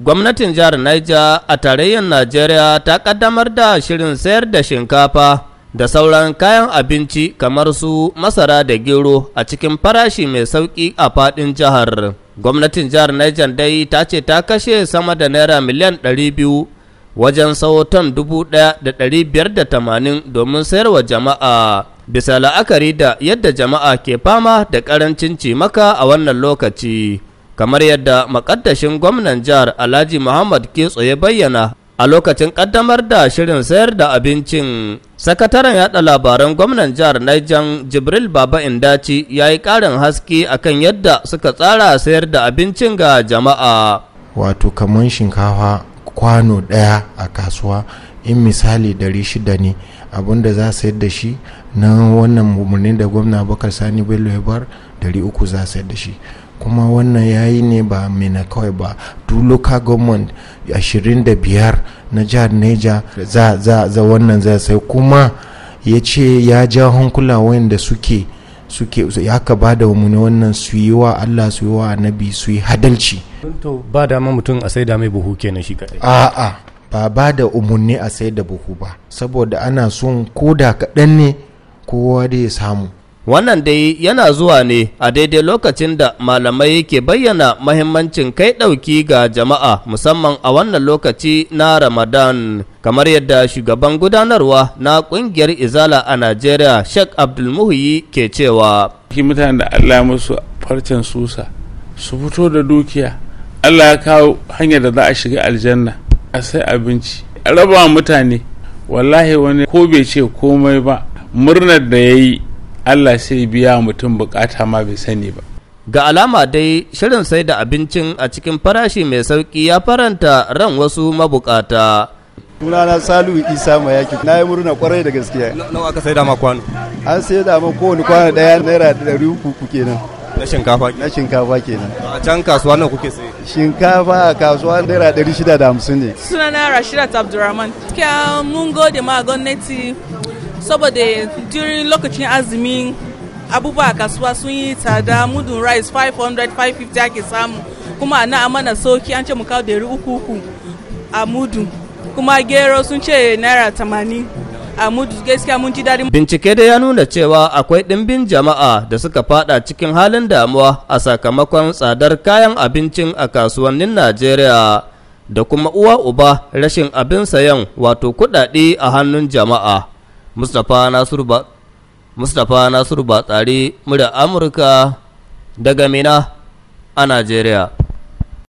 Gwamnatin jihar Niger a tarayyar Najeriya ta kaddamar da shirin sayar da shinkafa da sauran kayan abinci kamar su masara da gero a cikin farashi mai sauƙi a faɗin jihar. Gwamnatin jihar Niger dai ta ce ta kashe sama da naira miliyan 200 wajen sawo 1,580 domin sayar wa jama'a. Bisa la'akari da yadda jama'a ke fama da ƙarancin cimaka a wannan lokaci. kamar yadda makaddashin gwamnan jihar Alhaji Muhammad ke ya bayyana a lokacin kaddamar da shirin sayar da abincin sakataren yada labaran gwamnan jihar Niger Jibril Baba Indaci ya yi ƙarin haske akan yadda suka tsara sayar da abincin ga jama'a wato kamar shinkafa kwano ɗaya a kasuwa in misali 600 ne abinda za sayar da shi na wannan mummunin da gwamna bakar sani bello ya bar 300 za sayar da shi kuma wannan yayi ne ba mina kawai ba duk local government 25 na jihar neja za za za wannan zai sai kuma ya ce ya ja hankula wayanda suke suke ya ka ba da ne wannan su yi wa Allah su yi wa annabi su yi hadalci to ba dama mutum a sai da mai buhu kenan shi kadai a'a ba ba da umarni a sai da buhu ba saboda ana son koda kaɗan ne kowa da ya samu Wannan dai yana zuwa ne a daidai lokacin da malamai ke bayyana mahimmancin kai ɗauki ga jama'a musamman a wannan lokaci na Ramadan. Kamar yadda shugaban gudanarwa na ƙungiyar Izala a nigeria Sheikh Abdulmuhi ke cewa. Ki mutane da Allah musu farcen susa su fito da dukiya Allah ya kawo hanyar da za a shiga aljanna a sai abinci raba mutane wallahi wani ko bai ce komai ba murnar da ya yi allah sai biya mutum bukata ma bai sani ba ga alama dai shirin sai da abincin a cikin farashi mai sauki ya faranta ran wasu mabukata sunana salu isa mayaki na yi murna kwarai da gaskiya nawa aka sai dama ma kwano an sai dama kowane kwano daya naira ɗari uku kenan na shinkafa na shinkafa kenan a can kasuwa nan kuke sai. shinkafa a kasuwa naira ɗari shida da hamsin ne sunana rashidat Abdulrahman. abdurrahman mun gode ma gwamnati saboda during lokacin azumi abubuwa kasuwa sun yi tsada mudun rice 500 550 ake samu kuma na'a mana sauki an ce mu kawo dari uku uku a mudu kuma gero sun ce naira tamanin a mudu gaskiya mun ji daɗin. bincike da ya nuna cewa akwai ɗimbin jama'a da suka fada cikin halin damuwa a sakamakon tsadar kayan abincin a kasuwannin najeriya da kuma uwa uba rashin abin sayan wato kuɗaɗe a hannun jama'a mustapha nasiru ba mustapha nasiru murya amurka daga mina a najeriya